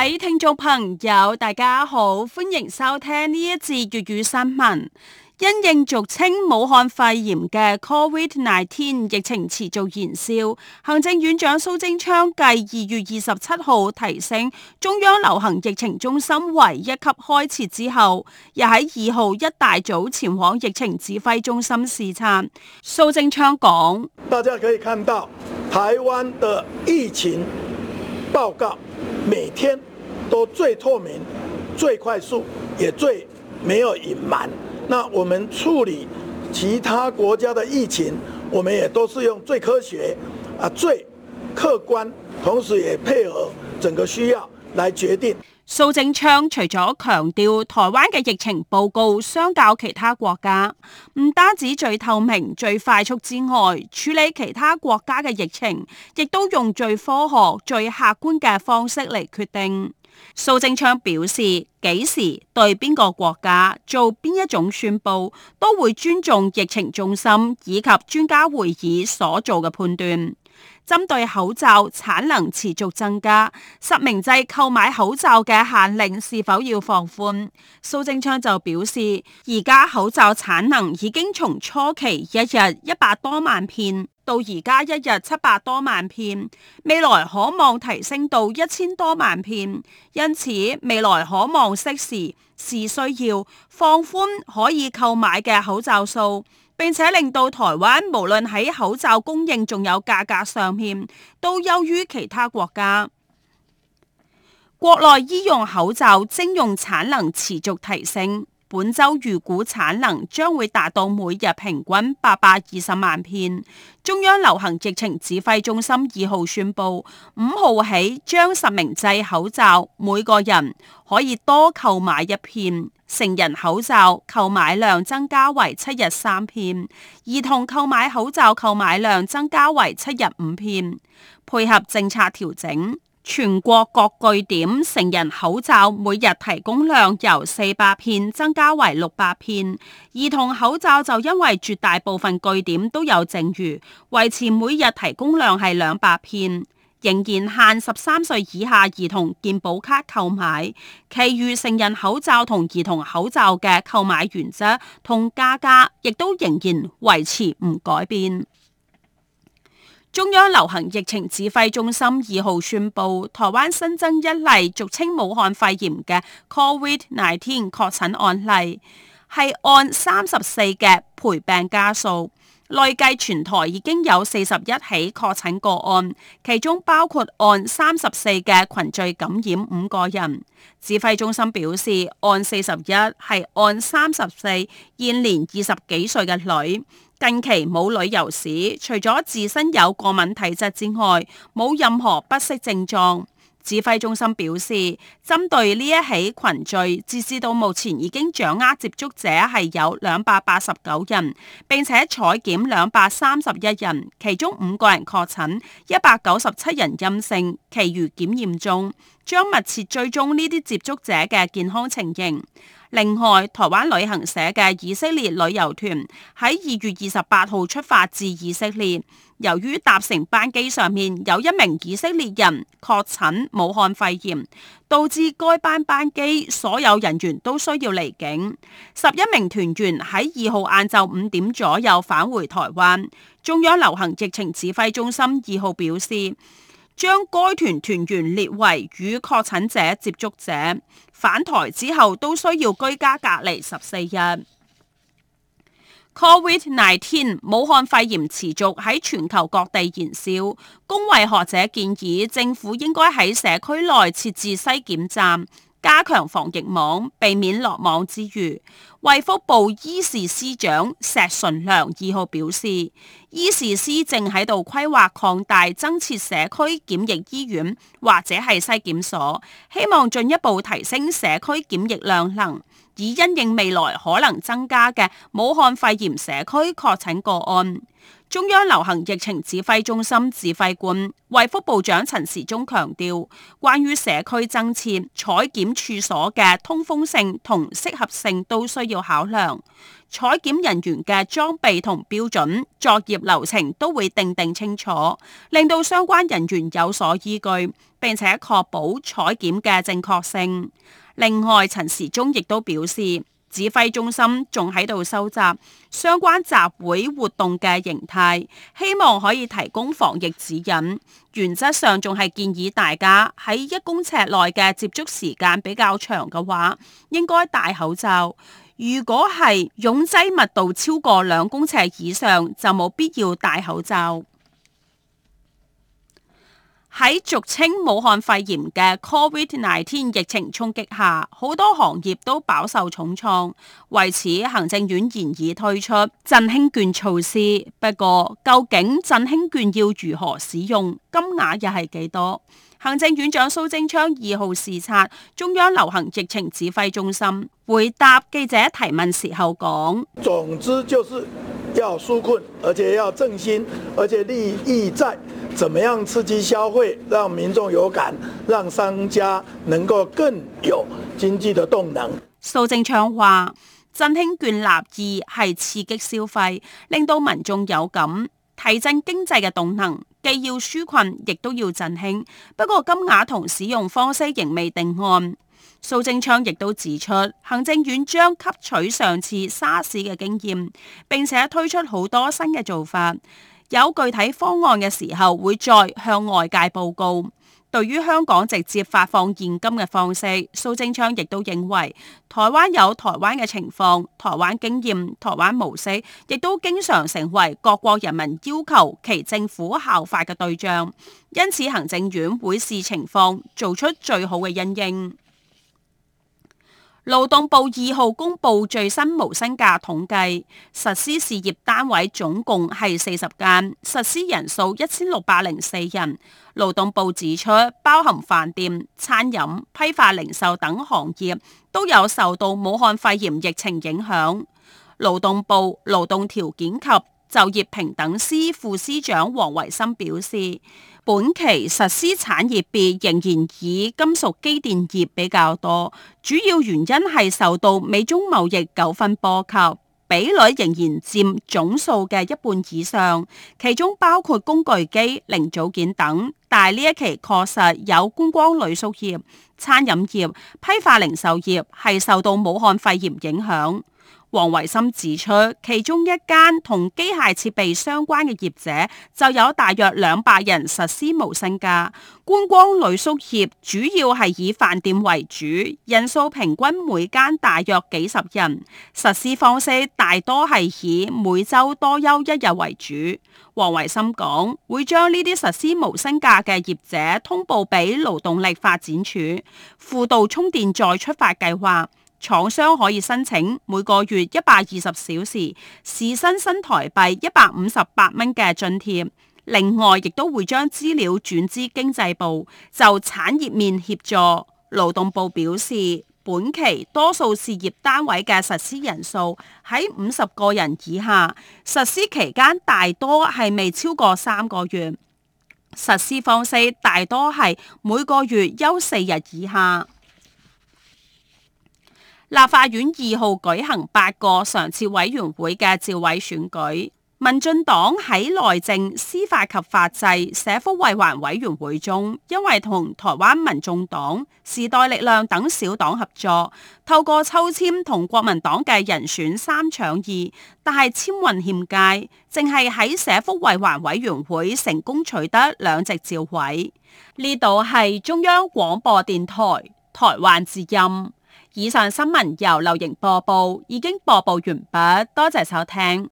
各位聽眾朋友，大家好，歡迎收聽呢一節粵語新聞。因應俗稱武漢肺炎嘅 COVID-19 疫情持續延燒，行政院長蘇貞昌繼二月二十七號提升中央流行疫情中心為一級開設之後，又喺二號一大早前往疫情指揮中心視察。蘇貞昌講：大家可以看到台灣的疫情報告。每天都最透明、最快速，也最沒有隱瞞。那我們處理其他國家的疫情，我們也都是用最科學啊、最客觀，同時也配合整個需要。嚟決定。蘇貞昌除咗強調台灣嘅疫情報告相較其他國家唔單止最透明、最快速之外，處理其他國家嘅疫情，亦都用最科學、最客觀嘅方式嚟決定。蘇貞昌表示，幾時對邊個國家做邊一種宣佈，都會尊重疫情中心以及專家會議所做嘅判斷。針對口罩產能持續增加，實名制購買口罩嘅限令是否要放寬？蘇貞昌就表示，而家口罩產能已經從初期一日一百多萬片，到而家一日七百多萬片，未來可望提升到一千多萬片，因此未來可望適時視需要放寬可以購買嘅口罩數。並且令到台灣無論喺口罩供應仲有價格上面，都優於其他國家。國內醫用口罩徵用產能持續提升，本週預估產能將會達到每日平均八百二十萬片。中央流行疫情指揮中心二號宣布，五號起將實名制口罩，每個人可以多購買一片。成人口罩購買量增加為七日三片，兒童購買口罩購買量增加為七日五片。配合政策調整，全國各據點成人口罩每日提供量由四百片增加為六百片，兒童口罩就因為絕大部分據點都有剩餘，維持每日提供量係兩百片。仍然限十三歲以下兒童健保卡購買，其餘成人口罩同兒童口罩嘅購買原則同價格亦都仍然維持唔改變。中央流行疫情指揮中心二號宣布，台灣新增一例俗稱武漢肺炎嘅 COVID-19 確診案例，係按三十四嘅陪病家屬。累計全台已經有四十一起確診個案，其中包括案三十四嘅群聚感染五個人。指揮中心表示，案四十一係案三十四，現年二十幾歲嘅女，近期冇旅遊史，除咗自身有過敏體質之外，冇任何不適症狀。指揮中心表示，針對呢一起群聚，截至到目前已經掌握接觸者係有兩百八十九人，並且採檢兩百三十一人，其中五個人確診，一百九十七人陰性，其餘檢驗中。將密切追蹤呢啲接觸者嘅健康情形。另外，台灣旅行社嘅以色列旅遊團喺二月二十八號出發至以色列，由於搭乘班機上面有一名以色列人確診武漢肺炎，導致該班班機所有人員都需要離境。十一名團員喺二號晏晝五點左右返回台灣。中央流行疫情指揮中心二號表示。將該團團員列為與確診者接觸者，返台之後都需要居家隔離十四日。Covid nineteen 武漢肺炎持續喺全球各地燃燒，公衛學者建議政府應該喺社區內設置篩檢站。加強防疫網，避免落網之餘，衛福部醫事司長石純良二號表示，醫事司正喺度規劃擴大增設社區檢疫醫院或者係篩檢所，希望進一步提升社區檢疫量能，以因應未來可能增加嘅武漢肺炎社區確診個案。中央流行疫情指揮中心指揮官，衛福部長陳時中強調，關於社區增設採檢處所嘅通風性同適合性都需要考量，採檢人員嘅裝備同標準、作業流程都會定定清楚，令到相關人員有所依據，並且確保採檢嘅正確性。另外，陳時中亦都表示。指揮中心仲喺度收集相關集會活動嘅形態，希望可以提供防疫指引。原則上仲係建議大家喺一公尺內嘅接觸時間比較長嘅話，應該戴口罩。如果係擁擠密度超過兩公尺以上，就冇必要戴口罩。喺俗稱武漢肺炎嘅 Covid-19 疫情衝擊下，好多行業都飽受重創。為此，行政院現已推出振興券措施。不過，究竟振興券要如何使用，金額又係幾多？行政院長蘇貞昌二號視察中央流行疫情指揮中心，回答記者提問時候講：總之就是。要紓困，而且要振興，而且利益在，怎麼樣刺激消費，讓民眾有感，讓商家能夠更有經濟的動能。蘇貞昌話：振興券立意係刺激消費，令到民眾有感，提振經濟嘅動能。既要紓困，亦都要振興。不過金額同使用方式仍未定案。蘇貞昌亦都指出，行政院將吸取上次沙士嘅經驗，並且推出好多新嘅做法。有具體方案嘅時候，會再向外界報告。對於香港直接發放現金嘅方式，蘇貞昌亦都認為台灣有台灣嘅情況、台灣經驗、台灣模式，亦都經常成為各國人民要求其政府效法嘅對象。因此，行政院會視情況做出最好嘅因應。勞動部二號公布最新無薪假統計，實施事業單位總共係四十間，實施人數一千六百零四人。勞動部指出，包含飯店、餐飲、批發、零售等行業都有受到武漢肺炎疫情影響。勞動部勞動條件及就業平等司副司長黃維森表示，本期實施產業別仍然以金屬機電業比較多，主要原因係受到美中貿易糾紛波及，比率仍然佔總數嘅一半以上，其中包括工具機、零組件等。但係呢一期確實有觀光旅宿業、餐飲業、批發零售業係受到武漢肺炎影響。王維森指出，其中一間同機械設備相關嘅業者就有大約兩百人實施無薪假。觀光旅宿業主要係以飯店為主，人數平均每間大約幾十人，實施方式大多係以每周多休一日為主。王維森講，會將呢啲實施無薪假嘅業者通報俾勞動力發展處，輔導充電再出發計劃。廠商可以申請每個月一百二十小時，時薪新台幣一百五十八蚊嘅津貼。另外，亦都會將資料轉至經濟部就產業面協助。勞動部表示，本期多數事業單位嘅實施人數喺五十個人以下，實施期間大多係未超過三個月，實施方式大多係每個月休四日以下。立法院二號舉行八個常設委員會嘅召委選舉，民進黨喺內政、司法及法制、社福衛環委員會中，因為同台灣民眾黨、時代力量等小黨合作，透過抽簽同國民黨嘅人選三搶二，但係簽運欠佳，淨係喺社福衛環委員會成功取得兩席召委。呢度係中央廣播電台，台灣之音。以上新聞由流瑩播報，已經播報完畢，多謝收聽。